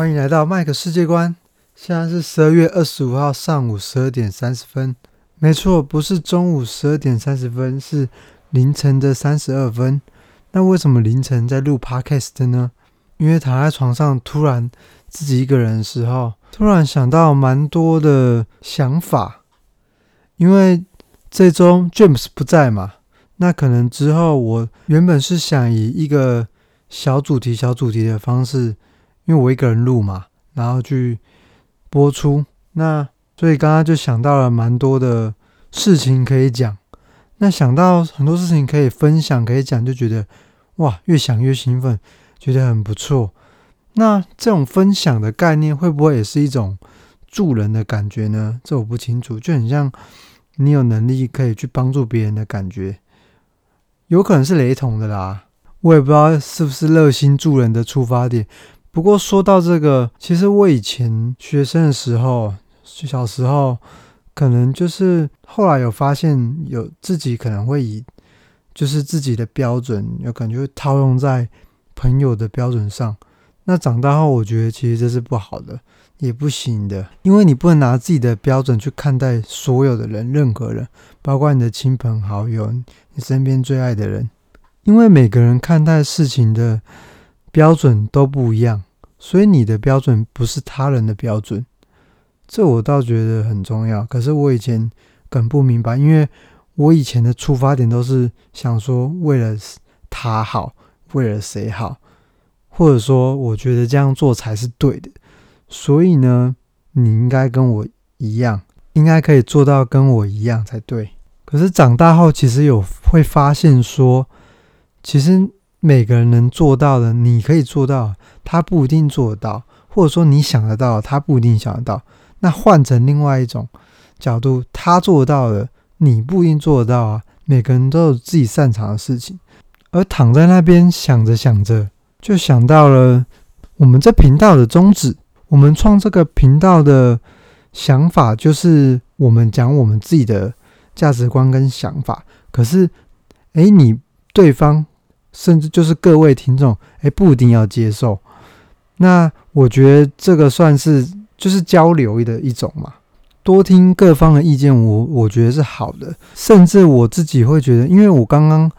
歡迎來到麥克世界觀。現在是十二月二十五號上午十二點三十分。沒錯，不是中午十二點三十分，是凌晨的三十二分。那為什麼凌晨在錄 Podcast 呢？因為躺在床上，突然自己一個人的時候，突然想到蠻多的想法。因為這週 James 不在嘛，那可能之後我原本是想以一個小主題、小主題的方式。因為我一個人錄嘛，然後去播出，那所以剛剛就想到了蠻多的事情可以講，那想到很多事情可以分享可以講，就覺得哇，越想越興奮，覺得很不錯。那這種分享的概念會不會也是一種助人的感覺呢？這我不清楚，就很像你有能力可以去幫助別人的感覺，有可能是雷同的啦。我也不知道是不是熱心助人的出發點。不過說到這個，其實我以前學生的時候，小時候可能就是後來有發現，有自己可能會以就是自己的標準，有感覺會套用在朋友的標準上。那長大後，我覺得其實這是不好的，也不行的，因為你不能拿自己的標準去看待所有的人，任何人，包括你的親朋好友，你身邊最愛的人，因為每個人看待事情的。標準都不一樣，所以你的標準不是他人的標準，這我倒覺得很重要。可是我以前很不明白，因為我以前的出發點都是想說，為了他好，為了誰好，或者說我覺得這樣做才是對的。所以呢，你應該跟我一樣，應該可以做到跟我一樣才對。可是長大後，其實有，會發現說，其實。每個人能做到的，你可以做到的，他不一定做得到；或者說你想得到的，他不一定想得到。那換成另外一種角度，他做到的，你不一定做得到啊。每個人都有自己擅長的事情，而躺在那邊想着想着，就想到了我們這頻道的宗旨。我們創這個頻道的想法，就是我們講我們自己的價值觀跟想法。可是，誒，你對方。甚至就是各位聽眾，哎，不一定要接受。那我覺得這個算是就是交流的一種嘛，多聽各方的意見，我我覺得是好的。甚至我自己會覺得，因為我剛剛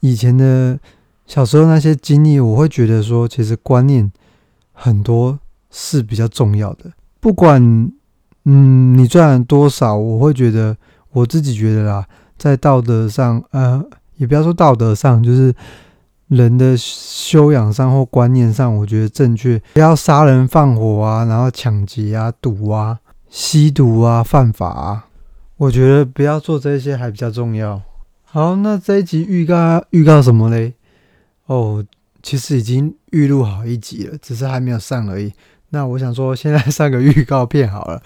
以前的小時候那些經歷，我會覺得說，其實觀念很多是比較重要的。不管嗯，你賺了多少，我會覺得我自己覺得啦，在道德上，呃，也不要說道德上，就是。人的修養上或觀念上，我覺得正確，不要殺人放火啊，然後搶劫啊、賭啊、吸毒啊、犯法啊。我覺得不要做這些還比較重要。好，那這一集預告預告什麼嘞？哦，其實已經預錄好一集了，只是還沒有上而已。那我想說，現在上個預告片好了。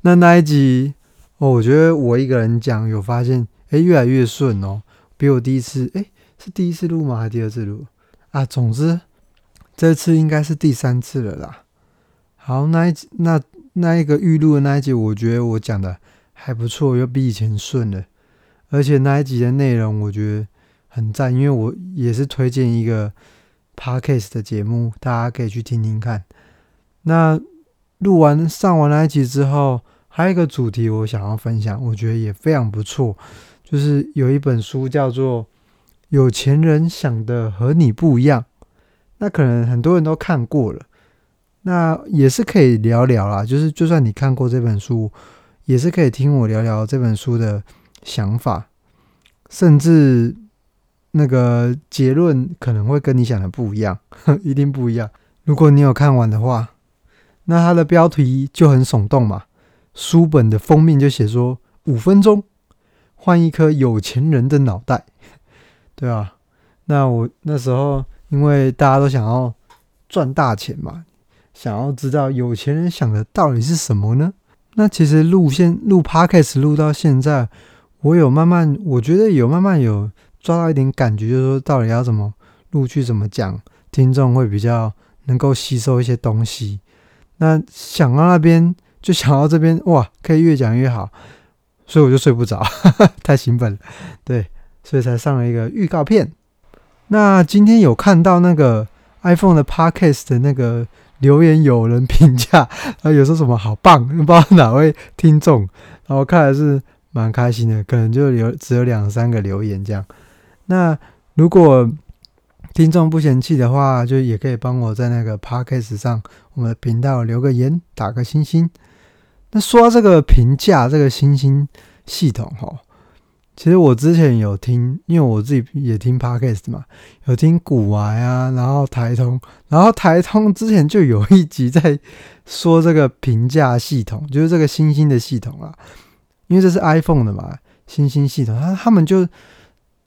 那那一集，哦，我覺得我一個人講有發現，哎、欸，越來越順哦，比我第一次，哎、欸。是第一次錄嗎？還是第二次錄啊？總之，這次應該是第三次了啦。好，那一集那那一個預錄的那一集，我覺得我講的還不錯，又比以前順了，而且那一集的內容我覺得很讚，因為我也是推薦一個 podcast 的節目，大家可以去聽聽看。那錄完上完那一集之後，還有一個主題我想要分享，我覺得也非常不錯，就是有一本書叫做。有錢人想的和你不一樣，那可能很多人都看過了，那也是可以聊聊啦。就是就算你看過這本書，也是可以聽我聊聊這本書的想法，甚至那個結論可能會跟你想的不一樣，呵，一定不一樣。如果你有看完的話，那它的標題就很聳動嘛。書本的封面就寫說：“五分鐘換一顆有錢人的腦袋。”對啊，那我那時候因為大家都想要賺大錢嘛，想要知道有錢人想的到底是什麼呢？那其實錄先錄 Podcast 錄到現在，我有慢慢，我覺得有慢慢有抓到一點感覺，就是說到底要怎麼錄去怎麼講，聽眾會比較能夠吸收一些東西。那想到那邊，就想到這邊，哇，可以越講越好，所以我就睡不着，呵呵，太興奮了，對。所以才上了一個預告片。那今天有看到那個 iPhone 的 Podcast 的那個留言，有人評價，然後有說什麼好棒，不知道哪位聽眾。然後我看來是蠻開心的，可能就有只有兩三個留言這樣。那如果聽眾不嫌棄的話，就也可以幫我在那個 Podcast 上，我們的頻道留個言，打個星星。那說這個評價，這個星星系統哦。其實我之前有聽，因為我自己也聽 Podcast 嘛，有聽古玩啊，然後台通，然後台通之前就有一集在說這個評價系統，就是這個星星的系統啊，因為這是 iPhone 的嘛，星星系統，他他們就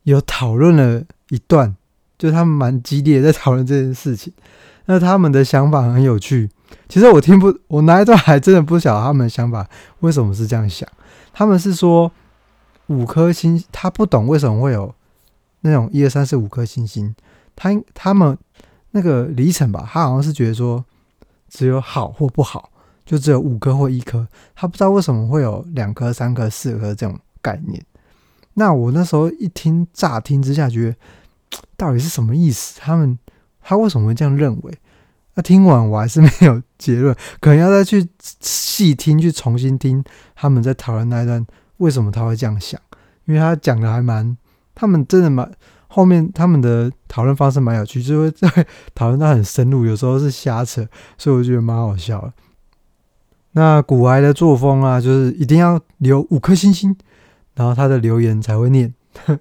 有討論了一段，就他們蠻激烈的在討論這件事情。那他們的想法很有趣，其實我聽不，我那一段還真的不曉得他們的想法為什麼是這樣想，他們是說。五顆星星，他不懂為什麼會有那種一二三四五顆星星。他、他們那個里程吧，他好像是覺得說只有好或不好，就只有五顆或一顆。他不知道為什麼會有兩顆、三顆、四顆這種概念。那我那時候一聽，乍聽之下覺得到底是什麼意思？他們他為什麼會這樣認為？那、啊、聽完我還是沒有結論，可能要再去細聽，去重新聽他們在討論那段。為什麼他會這樣想？因為他講的還蠻，他們真的蠻後面他們的討論方式蠻有趣，就會在討論到很深入，有時候是瞎扯，所以我覺得蠻好笑的。那股癌的作風啊，就是一定要留五顆星星，然後他的留言才會念。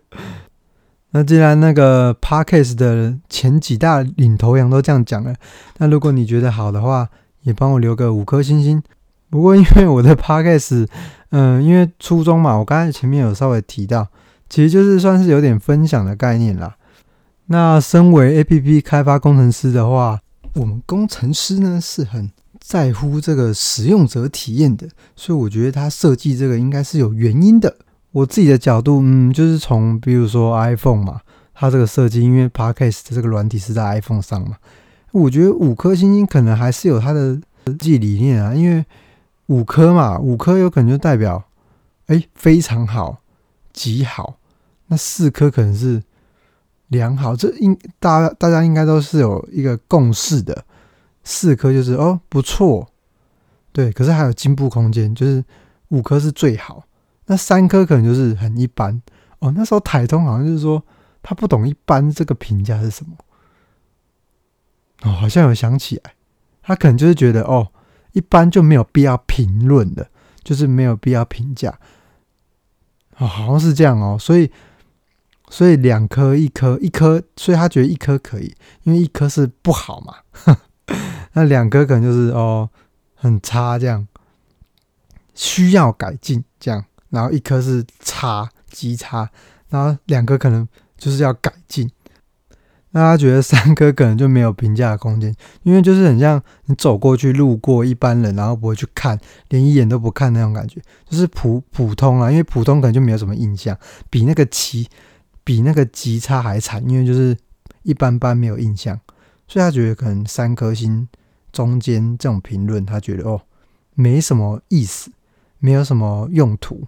那既然那個 Podcast 的前幾大領頭羊都這樣講了，那如果你覺得好的話，也幫我留個五顆星星。不過，因為我的 Podcast，嗯，因為初衷嘛，我剛才前面有稍微提到，其實就是算是有點分享的概念啦。那身為 APP 開發工程師的話，我們工程師呢是很在乎這個使用者體驗的，所以我覺得他設計這個應該是有原因的。我自己的角度，嗯，就是從比如說 iPhone 嘛，它這個設計，因為 Podcast 這個軟體是在 iPhone 上嘛，我覺得五顆星星可能還是有它的設計理念啊，因為。五顆嘛，五顆有可能就代表，哎、欸，非常好，極好。那四顆可能是良好，這應大大家應該都是有一個共識的。四顆就是哦不錯，對，可是還有進步空間，就是五顆是最好，那三顆可能就是很一般。哦，那時候台通好像就是說他不懂一般這個評價是什麼。哦，好像有想起來，他可能就是覺得哦。一般就沒有必要評論的，就是沒有必要評價啊、哦，好像是這樣哦。所以，所以兩顆一顆一顆，所以他覺得一顆可以，因為一顆是不好嘛，那兩顆可能就是哦很差這樣，需要改進這樣，然後一顆是差極差，然後兩顆可能就是要改進。大家覺得三顆可能就沒有評價的空間，因為就是很像你走過去路過一般人，然後不會去看，連一眼都不看那種感覺，就是普普通啊，因為普通可能就沒有什麼印象，比那個極比那個極差還慘，因為就是一般般沒有印象，所以他覺得可能三顆星中間這種評論，他覺得哦沒什麼意思，沒有什麼用途。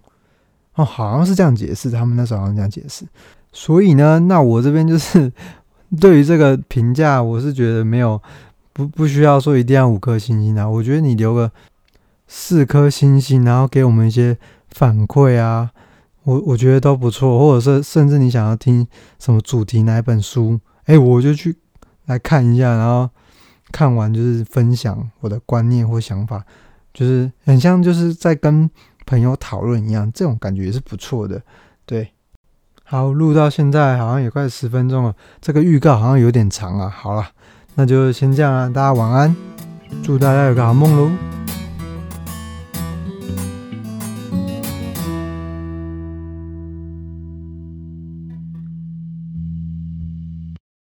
哦，好像是這樣解釋，他們那時候好像這樣解釋。所以呢，那我這邊就是。對於這個評價，我是覺得沒有，不不需要說一定要五顆星星的啊，我覺得你留個四顆星星，然後給我們一些反饋啊，我我覺得都不錯。或者是甚至你想要聽什麼主題哪一本書，哎，我就去來看一下，然後看完就是分享我的觀念或想法，就是很像就是在跟朋友討論一樣，這種感覺也是不錯的，對。好，錄到現在好像也快十分鐘了，這個預告好像有點長啊。好了，那就先這樣了啊，大家晚安，祝大家有個好夢嘍。